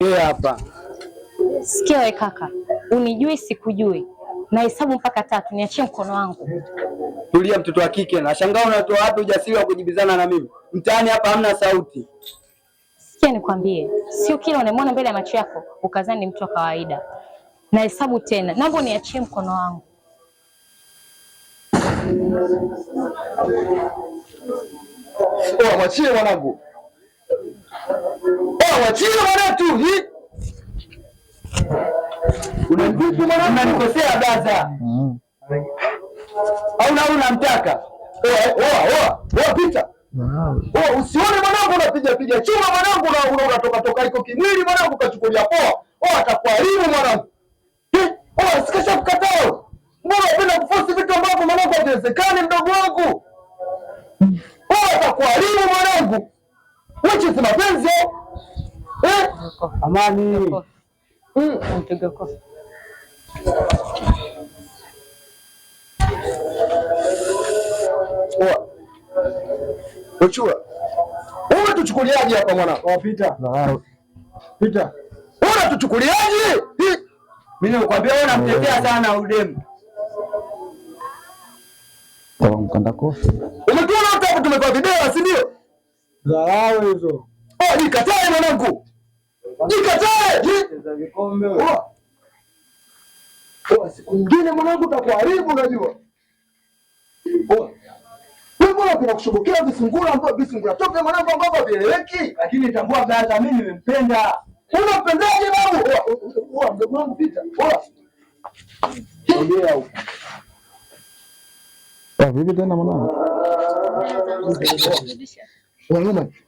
Yeye hapa. Sikia we kaka, unijui sikujui, nahesabu mpaka tatu, niachie mkono wangu. Tulia mtoto wa kike, nashangaa unatoa wapi ujasiri wa kujibizana na mimi mtaani hapa, hamna sauti. Sikia nikwambie, sio kila unamwona mbele ya macho yako ukazani ni mtu wa kawaida. Nahesabu tena, naomba niachie mkono wangu. Mwachie mwanangu wachile mwanatu hii unamtupu mwanatu, unanikosea baza au na unamtaka pita usione mwanangu, unapiga piga chuma mwanangu, unatoka toka iko kimwili mwanangu, kachukulia poa. Atakuharibu mwanangu, sikasha kukataa. Mbona unapenda kufosi vitu ambavyo mwanangu haviwezekani? Mdogo wangu atakuharibu mwanangu, wichi si mapenzi eh? Mtugeko. Amani. Mtugeko. Uchua. Hmm, wewe tuchukuliaje hapa mwana? Wapita. Oh, Pita. Wewe tuchukuliaje? Mimi nakwambia wewe unamtetea sana udemu. Kwa oh, mkanda kofi. Umekuona hapa tumekuwa video, si ndio? Dharau hizo. Oh, nikataa mwanangu. Nikatae siku nyingine mwanangu, utakuharibu unajua. Mbona vinakushughulikia visungura ambavyo visungura toke mwanangu, ambavyo vieleweki. Lakini tambua baba, mimi nimempenda. Unampendaje babu? Oa mdogo wangu pita. Oa. Ndio au. Ah, vipi tena mwanangu? Ah, mwanangu.